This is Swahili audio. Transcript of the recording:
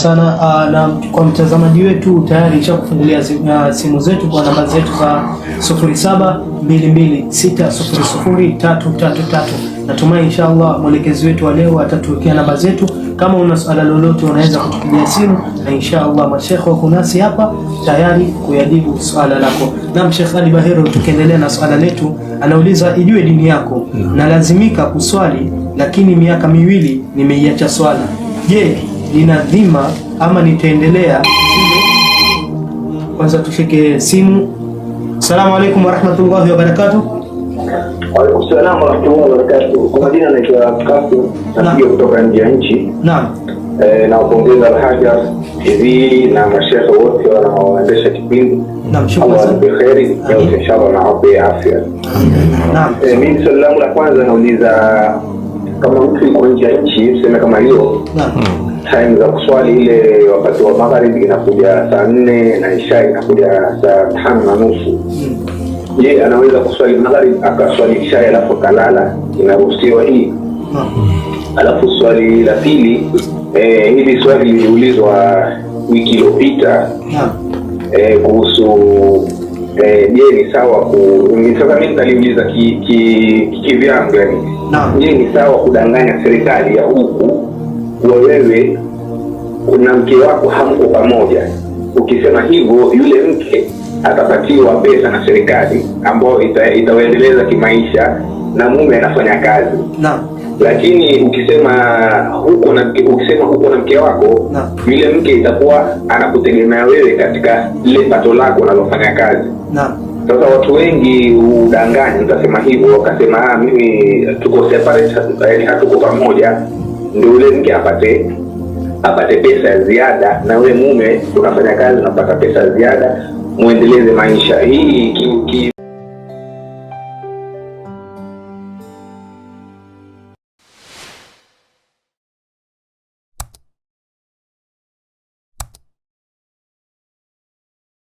sana uh, na kwa mtazamaji wetu tayari cha kufungulia ah, simu zetu kwa namba zetu za 0722600333. Natumai inshallah mwelekezi wetu wa leo atatuwekea namba zetu. Kama una swala lolote, unaweza kutupigia simu na inshallah mashekhe wako nasi hapa tayari kuyajibu swala lako. Na Sheikh Ali Bahero, tukiendelea na swala letu, anauliza ijue dini yako, na lazimika kuswali lakini miaka miwili nimeiacha swala, je nina dhima ama nitaendelea. Kwanza tushike simu. Salamu alaikum warahmatullahi wabarakatuh. wa barakatuh. Wa alaykum salaam wa rahmatullahi wa barakatuh. Kwa majina naitwa Kasim, nakuja kutoka nje ya nchi. Naam. Eh, na wapongeza Alhaja TV na mashehe wote wanaoendesha kipindi. Naam, shukrani sana. Allah kheri, yote inshallah na ape afya. Naam. Eh, mimi swali langu la kwanza nauliza kama mtu yuko nje ya nchi, sema kama hiyo. Naam time za kuswali ile wakati wa magharibi inakuja saa nne na isha inakuja saa tano na nusu. Je, anaweza kuswali magharibi akaswali isha alafu akalala? Inaruhusiwa hii? Alafu swali la pili, eh, hili swali liliulizwa wiki iliyopita eh, kuhusu eh, je, ni sawa ku sasa mimi nitaliuliza kivyangu ki, ki, ki, yani je, ni sawa kudanganya serikali ya huku kuwa wewe na mke wako hamko pamoja. Ukisema hivyo, yule mke atapatiwa pesa na serikali ambayo itawaendeleza kimaisha, na mume anafanya kazi na. Lakini ukisema huko na ukisema huko na mke wako na, yule mke itakuwa anakutegemea wewe katika ile pato lako unalofanya kazi na. Sasa watu wengi udanganya, nitasema hivyo, wakasema ah, mimi tuko separate, hatuko pamoja ndio ule mke apate apate pesa ya ziada, na ule mume unafanya kazi unapata pesa ya ziada, muendeleze maisha hii